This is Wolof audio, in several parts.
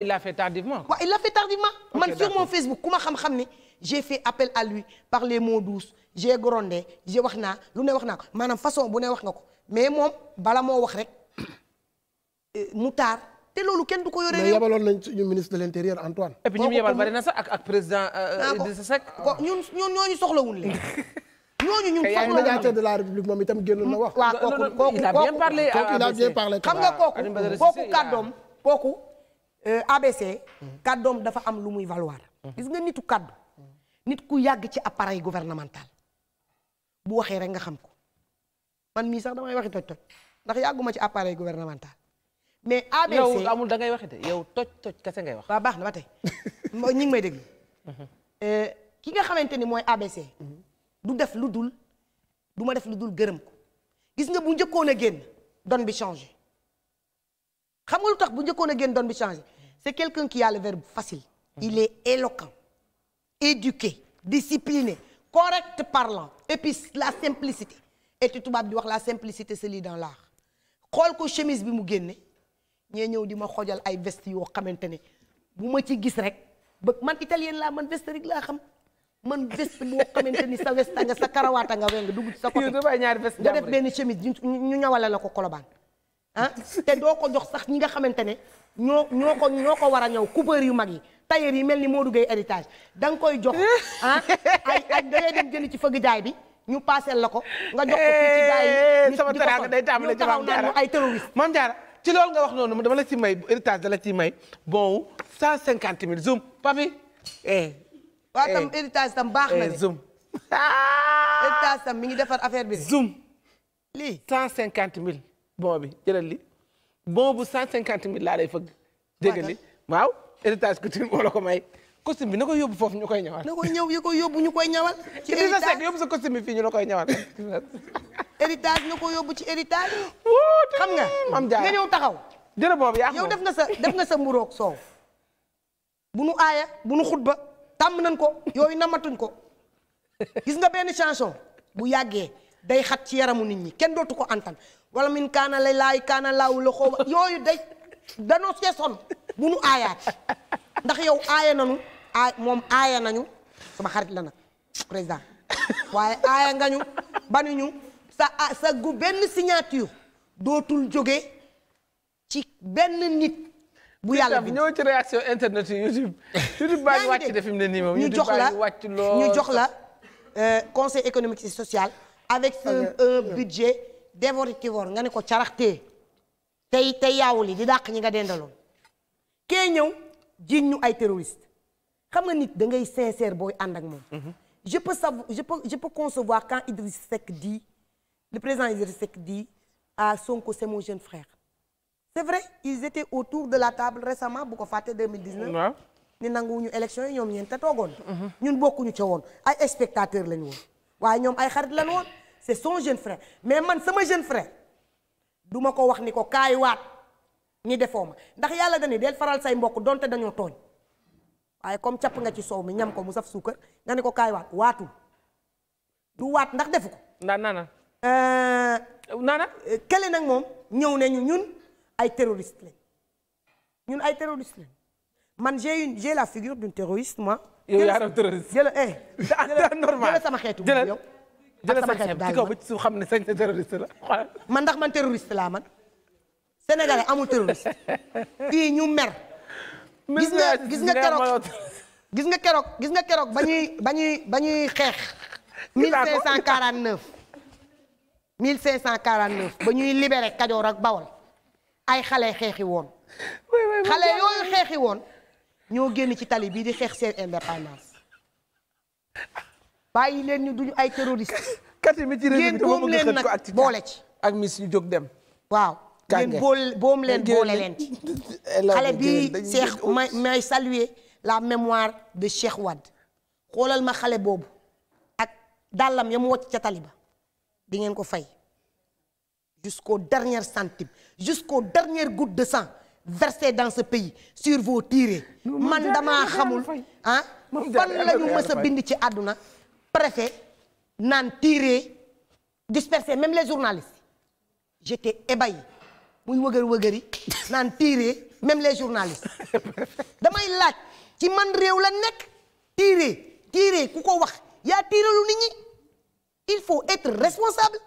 il l'a fait tardivement. waaw il man sur Facebook ku xam-xam ni j'ai fait appel à lui par les mots douces j'ai grondé wax naa lu ne wax na ko maanaam façon bu ne wax nga ko mais moom bala moo wax rek euh, mu taar te loolu kenn du ko yore. mais yabaloon nañ suñu ministre de l'intérieur Antoine. et puis ñu yabal bari na sax ak président. Euh, Idrissa ko ñun ñun ñooñu soxlawul leen. ñooñu ñun foog la de la république moom itam génn wax. waaw kooku kooku il a bien a bien parlé Euh, ABC. kàddoom dafa am lu muy valoir. gis nga nitu kàddu. nit ku yàgg ci appareil gouvernemental. bu waxee rek nga xam ko man mii sax damay waxi toj toj ndax yàgguma ci appareil gouvernemental. mais ABC yow da ngay waxi de yow toj toj kese ngay wax. waaw baax na ba tey ñi ngi may déglu. Euh, ki nga xamante ni mooy ABC. du def lu dul du ma def lu dul gërëm ko. gis nga bu njëkkoon a génn don bi changé. xam nga lu tax bu njëkkoon a génn doon bi changé c'est quelqu'un qui a le verbe facile mhm. il est éloquent éduqué discipliné correct parlant et puis la simplicité et tubaab di wax la simplicité se lit dans l'art xool ko chemise bi mu génne ñee ñëw di ma xojal ay veste yoo xamante bu ma ci gis rek ba man italien laa man veste laa xam man veste boo xamante ni sa veste nga sa karawaata nga weng dugg ci sa côté nga def benn chemise ñu ñawale la ko kolobaan ah te doo ko jox sax ñi nga xamante ne ñoo ñoo ko ñoo ko war a ñëw coupeur yu mag yi tailleur yi mel ni moo Gueye héritage da koy jox ah ay ay da ngay ci fëgg jaay bi ñu paaseel la ko nga jox ko fii eh, day tàmbale ci Mame Diarra ay terroriste Mame Diarra ci loolu nga wax noonu dama la ci may héritage dala ci may bon cent cinquante mille zoom papi eh waa tam eh. héritage tam baax na eh, de zoom héritage tam mi ngi defar affaire bi de zoom lii cent cinquante mille bon bi jëlal li bon bu cent cinquante mille laa lay fëgg. dégg waaw héritage couture moo la ko may. costume bi na ko yóbbu foofu ñu koy ñawal. na koy ñëw koy yóbbu ñu koy ñawal. ci héritage Seck yóbbu sa costume bi ñu la koy ñawal. héritage yóbbu ci héritage. xam nga mam jaara nga ñëw taxaw. jërë boobu yaa yow def nga sa def nga sa mburoog soow. bu nu aaya bu nu xutba tàmm nañ ko yooyu namatuñ ko gis nga benn chanson bu yàggee. day xat ci yaramu nit ñi kenn dootu ko antan wala min kaana lay laay kaana laaw la xooba yooyu day danoo seesoon bu aayaat ndax yow aaya nañu aay moom aaya nañu sama xarit la nag président waaye aaya nga ñu banuñu sa sa gu benn signature dootul jóge ci benn nit bu yàlla bi ñëw ci réaction internet yi YouTube YouTube baa ngi wàcc moom ñu jox la ñu jox la conseil économique et social avec un euh, budget dévortivore nga ne ko caraxtee tey tey yaawul yi di dàq ñi nga dendaloon kee ñëw jiñ ñu ay terroriste xam nga nit da ngay sincère booy ànd ak moom mhm. je peux savoir je peux je peux concevoir quand Idriss Seck dit le président Idriss Seck dit à Sonko c'est mon jeune frère c'est vrai ils étaient autour de la table récemment bu ko fàtte 2019 ni nanguwuñu élection yi ñoom ñeent te toogoon mhm. ñun bokkuñu ca woon ay spectateurs lañu woon waaye ñoom ay xarit lan woon c'est son jeune frère mais man sama jeune frère duma ko wax ni ko kaay waat ñi defoo ma ndax yàlla dañuy del faral say mbokk donte dañoo tooñ waaye comme capp nga ci soow mi ñam ko mu saf suukar nga ne ko kaay waat waatu du waat ndax defu ko. ndax nana. Euh, nana kële nag moom ñëw ñu ñun ay terroriste lañ ñun ay terroriste lañ man j'ai une j'ai la figure d'une terroriste moi. yow yaa def terroriste eh, ah, normal jël sama xeetu yow jël sama xeetu ba ci suuf xam ne sa terroriste la man ndax man terroriste laa man sénégalais amul terroriste fii ñu mer gis nga gis nga keroog gis nga keroog gis nga keroog ba ñuy ba ñuy ba ñuy xeex 1549 1549 ba ñuy libéré Kajoor ak Bawol ay xale xeexi woon xale yooyu xeexi woon ñoo génn ci tali bii di xeex seen indépendance bàyyi leen ñu duñu ay terroriste kati mi ci réew mi boom leen nag boole ci ak miss ñu jóg dem waaw ngeen bool boom leen boole leen ci xale bi Cheikh may may saluer la mémoire de Cheikh Wade xoolal ma xale boobu ak dàllam ya mu wàcc ca tali ba di ngeen ko fay jusqu'au dernier centime jusqu'au dernier goutte de sang versé dans ce pays sur vos man dama xamul ah fan la ñu mës bind ci àdduna préfet naan tiré dispersé même les journalistes j'étais ébahi muy wëgër wëgëri naan tiré même les journalistes damay laaj ci man réew la nekk tiré tiré ku ko wax yaa tiré lu nit ñi il faut être responsable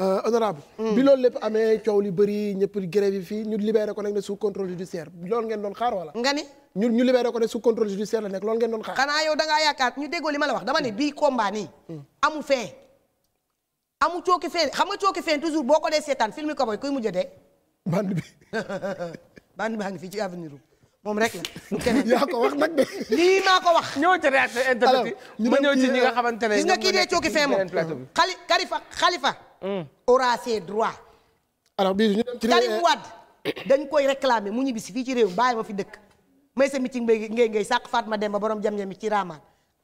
Euh, honorable hmm. bi loolu lépp amee coow li bëri ñëpp grève yi fii ñu libéré ko nag ne sous contrôle judiciaire loolu ngeen doon xaar wala nga ni ñu ñu libéré ko ne sous contrôle judiciaire la nekk loolu ngeen doon xaar xanaa yow da ngaa yaakaar ñu déggoo li ma la wax dama ne hmm. bii combat nii hmm. amu fee amu cooki fee xam nga cooki fee toujours boo ko dee seetaan film ko boy kuy mujj dee bande bi bande baa ngi fii ci avenir moom rek la lu keneen yaa ko wax nag de. lii maa ko wax. ñëw ci réaction internet ma ñëw ci ñi nga xamante ne. gis nga kii dee cooki fee moom xali Khalifa Khalifa. Mm. aura ses droits. alors bii ñu dem ci Karim Wade dañ koy réclamer mu ñibbisi fii ci réew bàyyi ma fi dëkk may sa meeting mbay ngay ngay sàq Fatma Demba borom jam ñami ci ab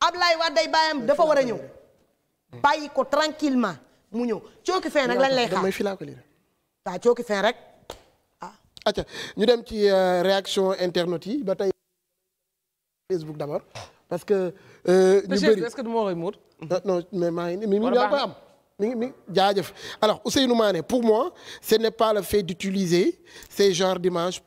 Ablaye Wade day bàyyam dafa war a ñëw. bàyyi ko tranquillement mu ñëw cooki fin nag lañ lay xaar damay filaa ko cooki fin rek ah. acca ñu dem ci euh, réaction internautes yi ba tey Facebook d'abord parce que. Euh, ñu bëri est-ce que du ma wax ah, maa koy am. mi ngi mi jaajëf alors Ousseynou Mané pour moi ce n'est pas le fait d'utiliser ces genres d'images